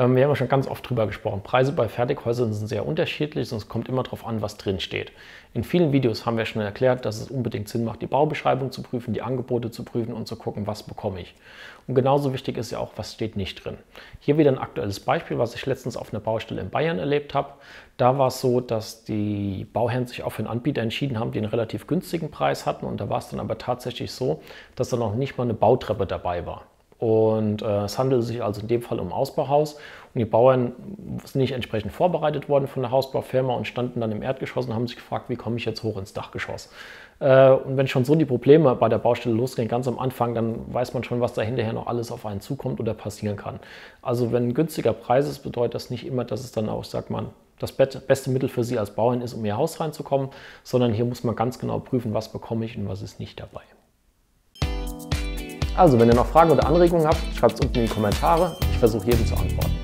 Ähm, wir haben ja schon ganz oft drüber gesprochen. Preise bei Fertighäusern sind sehr unterschiedlich und es kommt immer darauf an, was drin steht. In vielen Videos haben wir schon erklärt, dass es unbedingt Sinn macht, die Baubeschreibung zu prüfen, die Angebote zu prüfen und zu gucken, was bekomme ich. Und genauso wichtig ist ja auch, was steht nicht drin. Hier wieder ein aktuelles Beispiel, was ich letztens auf einer Baustelle in Bayern erlebt habe. Da war es so, dass die Bauherren sich auch für einen Anbieter entschieden haben, die einen relativ günstigen Preis hatten. Und da war es dann aber tatsächlich so, dass da noch nicht mal eine Bautreppe dabei war. Und äh, es handelt sich also in dem Fall um ein Ausbauhaus. Und die Bauern sind nicht entsprechend vorbereitet worden von der Hausbaufirma und standen dann im Erdgeschoss und haben sich gefragt, wie komme ich jetzt hoch ins Dachgeschoss? Äh, und wenn schon so die Probleme bei der Baustelle losgehen, ganz am Anfang, dann weiß man schon, was da hinterher noch alles auf einen zukommt oder passieren kann. Also wenn ein günstiger Preis ist, bedeutet das nicht immer, dass es dann auch, sagt man, das beste Mittel für Sie als Bauern ist, um in Ihr Haus reinzukommen, sondern hier muss man ganz genau prüfen, was bekomme ich und was ist nicht dabei. Also, wenn ihr noch Fragen oder Anregungen habt, schreibt es unten in die Kommentare. Ich versuche jedem zu antworten.